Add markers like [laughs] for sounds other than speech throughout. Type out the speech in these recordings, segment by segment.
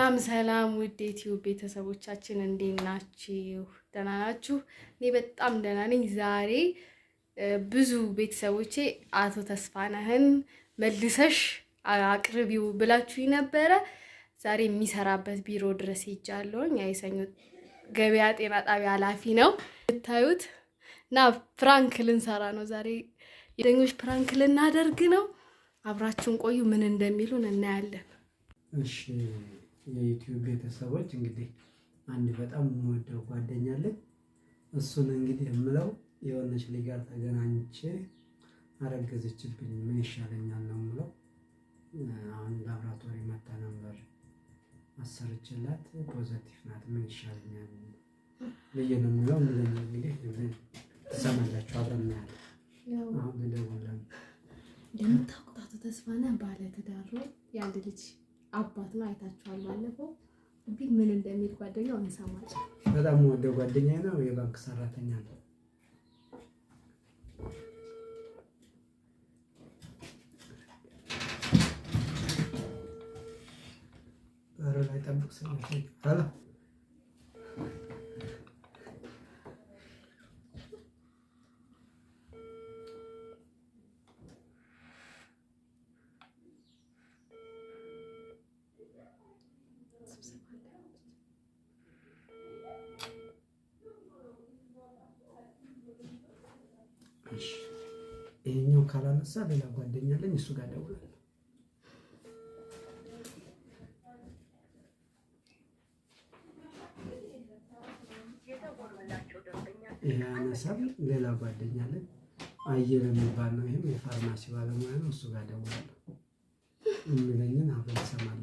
ሰላም ሰላም ውድ ዩቲዩብ ቤተሰቦቻችን እንዴት ናችሁ? ደህና ናችሁ? እኔ በጣም ደህና ነኝ። ዛሬ ብዙ ቤተሰቦቼ አቶ ተስፋነህን መልሰሽ አቅርቢው ብላችሁ ነበረ። ዛሬ የሚሰራበት ቢሮ ድረስ ሄጃለሁኝ። የሰኞ ገበያ ጤና ጣቢያ ኃላፊ ነው የምታዩት እና ፕራንክ ልንሰራ ነው ዛሬ። የደኞች ፕራንክ ልናደርግ ነው። አብራችሁን ቆዩ። ምን እንደሚሉን እናያለን። እሺ የዩቲዩብ ቤተሰቦች እንግዲህ አንድ በጣም የምወደው ጓደኛ አለኝ። እሱን እንግዲህ የምለው የሆነች ልጅ ጋር ተገናኝቼ አረገዘችብኝ፣ ምን ይሻለኛል ነው የምለው። አሁን ላብራቶሪ መታ ነበር አሰርችላት፣ ፖዘቲቭ ናት፣ ምን ይሻለኛል ብዬ ነው የምለው። ምለኛ እንግዲህ ትሰማላችሁ፣ አብረን እናያለን። አሁን ደውለን እንደምታውቁታቱ ተስፋ ነህ ባለ ትዳር ያንድ ልጅ በጣም የምወደው ጓደኛዬ ነው። የባንክ ሰራተኛ ነው። በር ላይ ጠብቅ። ካላነሳ ሌላ ጓደኛ አለኝ፣ እሱ ጋር እደውላለሁ። ይሄ አነሳም ሌላ ጓደኛ አለኝ፣ አየር የሚባል ነው። ይህም የፋርማሲ ባለሙያ ነው፣ እሱ ጋር እደውላለሁ። የሚለኝን አብረን እንሰማለን።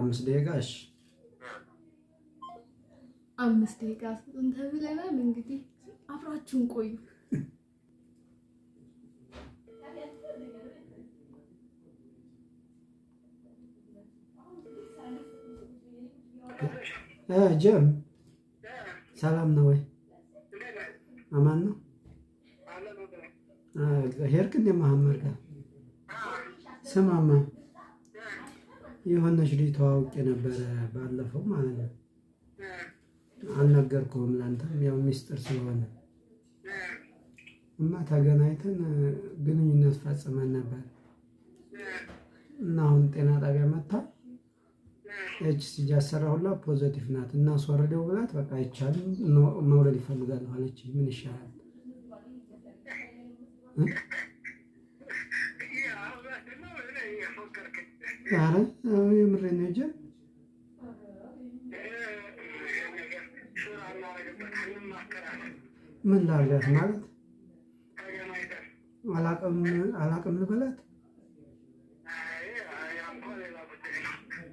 አምስት ደቂቃ እሺ፣ አምስት ደቂቃ እንግዲህ አብራችሁን ቆዩ። ጀም ሰላም ነው ወይ? አማን ነው። ሄድክ እንደ መሀመድ ጋር ስማማ የሆነች ልጅ ተዋውቄ ነበረ ባለፈው ማለት ነው። አልነገርኩህም ለአንተም ያው ሚስጥር ስለሆነ እና ተገናኝተን ግንኙነት ፈጽመን ነበር እና አሁን ጤና ጣቢያ መታ ኤች ሲጂ አሰራሁላ ፖዘቲቭ ናት እና አስወርደው ብላት በቃ አይቻልም መውለድ ይፈልጋል አለች። ምን ይሻላል? ኧረ የምሬን ነው እንጂ ምን ላድርጋት ማለት አላቅም ልበላት።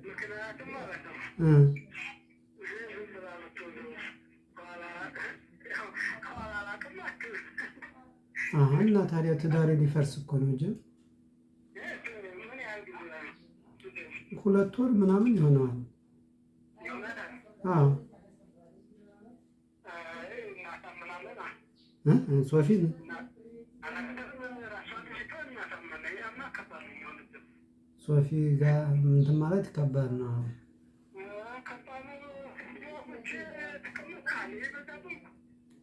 ምክንያቱም ማለት ነው እና ታዲያ ትዳሬ ሊፈርስ እኮ ነው እንጂ ሁለት ወር ምናምን ይሆነዋል። አዎ ሶፊን ሶፊ ጋር እንትን ማለት ከባድ ነው።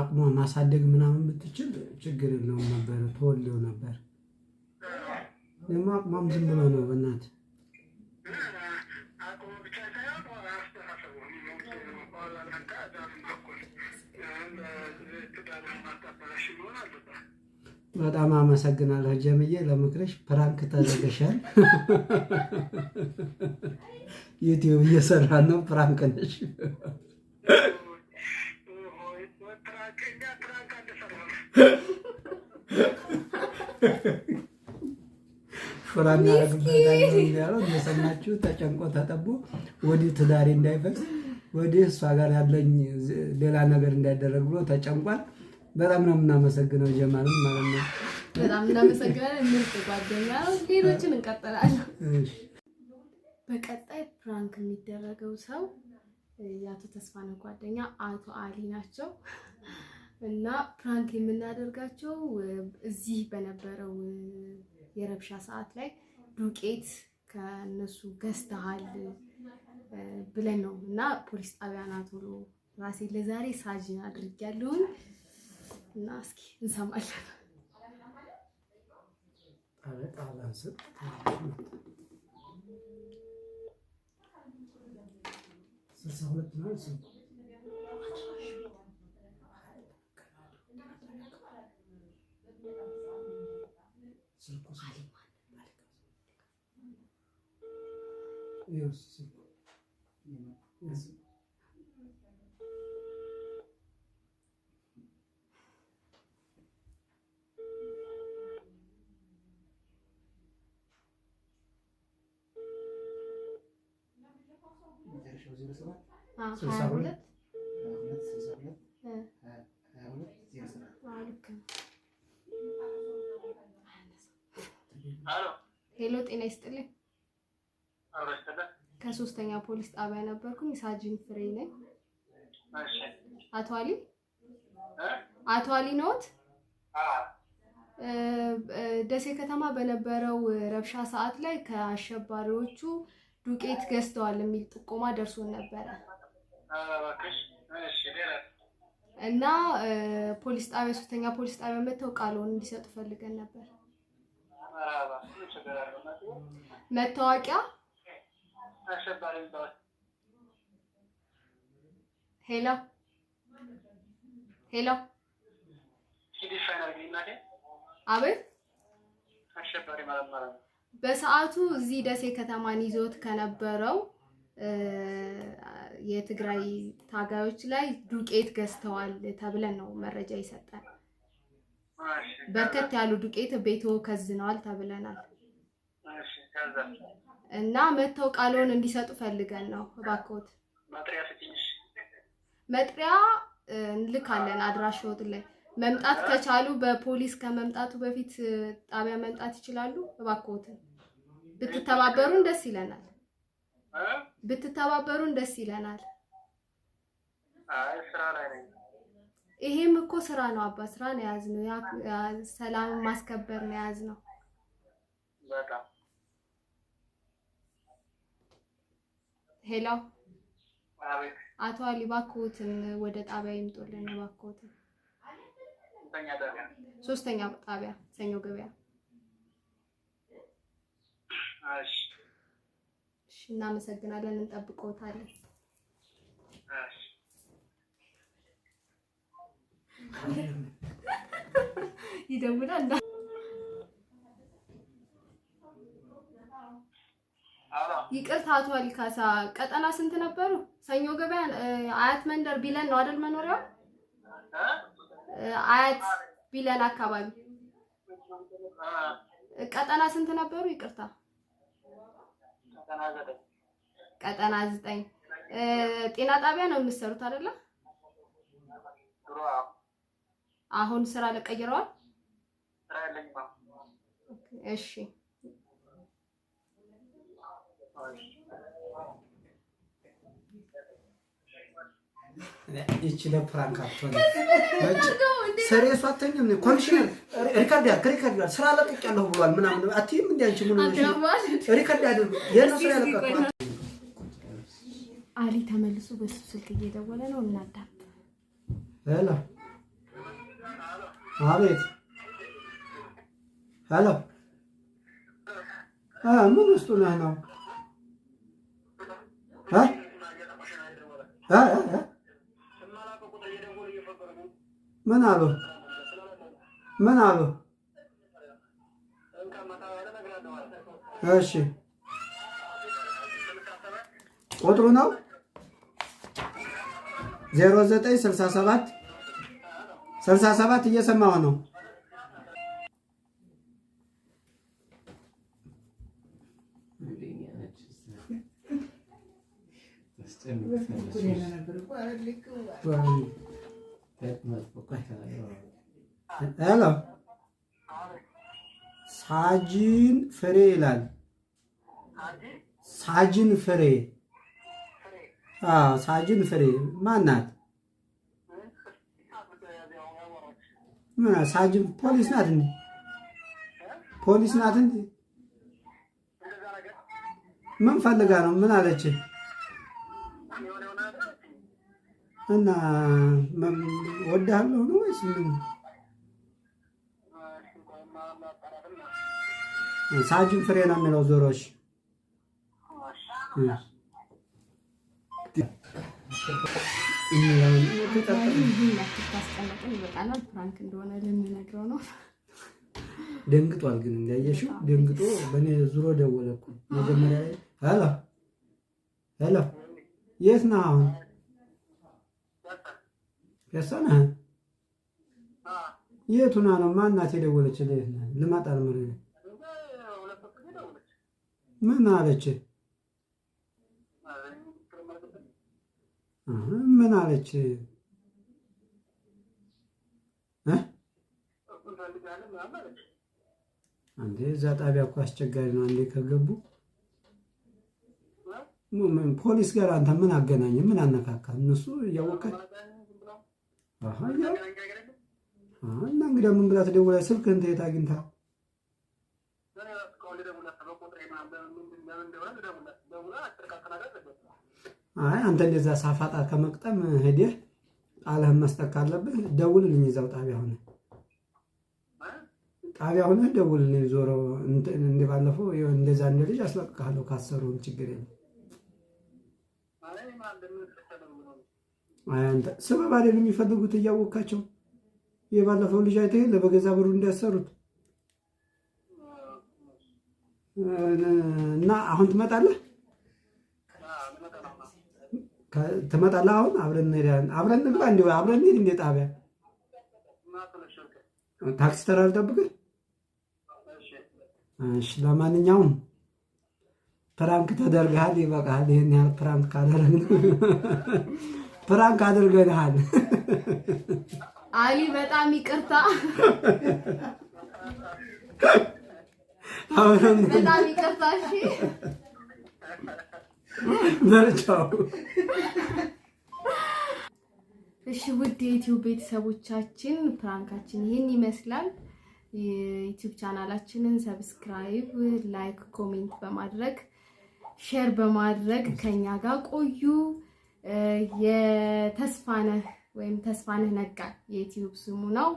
አቅሟ ማሳደግ ምናምን ብትችል ችግር የለውም ነበር፣ ተወልደው ነበር። ደግሞ አቅሟም ዝም ብሎ ነው በእናት በጣም አመሰግናለሁ ጀምዬ ለምክረሽ ፕራንክ ተደርገሻል። [laughs] ዩቲዩብ እየሰራ ነው። ፕራንክ ነሽ። ሹራ እናደርግበታለን ያለው እየሰማችሁ ተጨንቆ ተጠቦ ወዲህ ትዳሪ እንዳይፈስ ወዲህ እሷ ጋር ያለኝ ሌላ ነገር እንዳይደረግ ብሎ ተጨንቋል። በጣም ነው የምናመሰግነው ጀማልን ማለት ነው። በጣም እናመሰግናለን። ምርጥ ጓደኛ ነው። ሌሎችን እንቀጥላለን። በቀጣይ ፕራንክ የሚደረገው ሰው የአቶ ተስፋ ነው ጓደኛ አቶ አሊ ናቸው። እና ፕራንክ የምናደርጋቸው እዚህ በነበረው የረብሻ ሰዓት ላይ ዱቄት ከነሱ ገዝተሃል ብለን ነው እና ፖሊስ ጣቢያ ና ቶሎ ራሴ ለዛሬ ሳጅን ያለውን እና እስኪ እንሰማለን። ስልሳ ሁለት ነው። ሄሎ ጤና ይስጥልኝ። ከሶስተኛ ፖሊስ ጣቢያ ነበርኩኝ። ሳጅን ፍሬ ነኝ። አቶ አሊ አቶ አሊ ነዎት? ደሴ ከተማ በነበረው ረብሻ ሰዓት ላይ ከአሸባሪዎቹ ዱቄት ገዝተዋል የሚል ጥቆማ ደርሶን ነበረ እና ፖሊስ ጣቢያ ሶስተኛ ፖሊስ ጣቢያ መጥተው ቃልዎን እንዲሰጡ ፈልገን ነበር። መታወቂያ ሄሎ ሄሎ አቤት አሸባሪ ማለት ማለት ነው። በሰዓቱ እዚህ ደሴ ከተማን ይዞት ከነበረው የትግራይ ታጋዮች ላይ ዱቄት ገዝተዋል ተብለን ነው መረጃ ይሰጣል። በርከት ያሉ ዱቄት ቤቶ ከዝነዋል ተብለናል እና መተው ቃልዎን እንዲሰጡ ፈልገን ነው። እባክዎት መጥሪያ እንልካለን አድራሻዎት ላይ መምጣት ከቻሉ በፖሊስ ከመምጣቱ በፊት ጣቢያ መምጣት ይችላሉ። እባክዎትን ብትተባበሩን ደስ ይለናል። ብትተባበሩን ደስ ይለናል። ይሄም እኮ ስራ ነው አባ ስራ ነው የያዝነው፣ ሰላምን ማስከበር ነው የያዝነው። ሄሎ አቶ አሊ ባክዎትን ወደ ጣቢያ ይምጡልን ባክዎትን፣ ሶስተኛ ጣቢያ ሰኞ ገበያ እሺ፣ እናመሰግናለን። እንጠብቀውታለን። [laughs] ይደውላል። ይቅርታ አቶ አልካሳ ቀጠና ስንት ነበሩ? ሰኞ ገበያ አያት መንደር ቢለን ነው አይደል? መኖሪያው አያት ቢለን አካባቢ ቀጠና ስንት ነበሩ? ይቅርታ ቀጠና ዘጠኝ ጤና ጣቢያ ነው የምትሰሩት አይደለ? አሁን ስራ ለቀይረዋል። እሺ ይቺ ለፕራንክ አትሆን። ሰሬሱ አተኝም ኮሚሽነር ሪከርድ ያ ሪከርድ ያ ስራ ለቅቄያለሁ ብሏል ምናምን አትይም። እንደ አንቺ ምን ሪከርድ ያድርግ ስራ ያለቀቁ አሊ ተመልሶ በሱ ስልክ እየደወለ ነው። እናዳም ሄሎ፣ አቤት፣ ሄሎ፣ ምን ውስጡ ነህ ነው ምን አሉ ምን አሉ? እሺ ቁጥሩ ነው ዜሮ ዘጠኝ እየሰማሁ ነው። ሄሎ ሳጅን ፍሬ ይላል። ሳጅን ፍሬ ሳጅን ፍሬ ማናት? ምን ሳጅን ፖሊስ ናት እንዴ? ፖሊስ ናት እንዴ? ምን ፈልጋ ነው? ምን አለች? እና ወዳለሁ ነው ወይስ ምን? ሳጅን ፍሬ ነው የሚለው ዞሮሽ ፕራንክ እንደሆነ ለሚነግረው ነው። ደንግጧል። ግን እንዳየሽው ደንግጦ በእኔ ዙሮ ደወለ እኮ መጀመሪያ ላይ ሄሎ ሄሎ፣ የት ነህ አሁን የእሷን የቱና ነው ማናት የደወለችልህ? ልመጣ ልምር ምን አለች? ምን አለች? አንዴ እዛ ጣቢያ እኮ አስቸጋሪ ነው። አንዴ ከገቡ ፖሊስ ጋር አንተ ምን አገናኝ? ምን አነካካ? እነሱ እያወቃል እና እንግዲያ ምን ብላ ትደውላ? ስልክህን ተየት አግኝታ አይ አንተ እንደዛ ሳፋጣ ከመቅጠም ሄደህ ቃልህን መስጠት ካለብህ ደውልልኝ፣ እዛው ጣቢያ ሆነ ጣቢያ ሆነ ደውልልኝ። ዞሮ እንደባለፈው እንደዛ እንደ ልጅ አስለቅቃለሁ ካሰሩን ችግር የለም። አንተ ስበብ አይደል የሚፈልጉት እያወቃቸው የባለፈው ልጅ አይተ የለ በገዛ ብሩ እንዳሰሩት እና አሁን ትመጣለህ ትመጣለህ አሁን አብረን እንሄዳለን። አብረን እንግባ እንዲ አብረን እንሄድ እንደ ጣቢያ ታክሲ ተራ አልጠብቅህ። እሺ ለማንኛውም ፕራንክ ተደርገሃል፣ ይበቃል ይህን ያህል ፕራንክ ካደረግን ፕራንክ አድርገንሃል። አሊ በጣም ይቅርታ፣ በጣም ይቅርታ። እሺ መርጫው እሺ። ውድ የዩቲዩብ ቤተሰቦቻችን ፕራንካችን ይህን ይመስላል። የዩቲዩብ ቻናላችንን ሰብስክራይብ፣ ላይክ፣ ኮሜንት በማድረግ ሼር በማድረግ ከኛ ጋር ቆዩ። የተስፋነህ ወይም ተስፋነህ ነጋ የዩቲዩብ ስሙ ነው።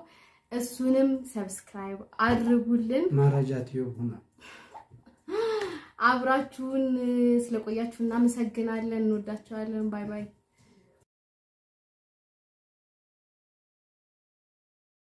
እሱንም ሰብስክራይብ አድርጉልን። መረጃ ቲዩብ ነው። አብራችሁን ስለቆያችሁ እናመሰግናለን። እንወዳችኋለን። ባይ ባይ።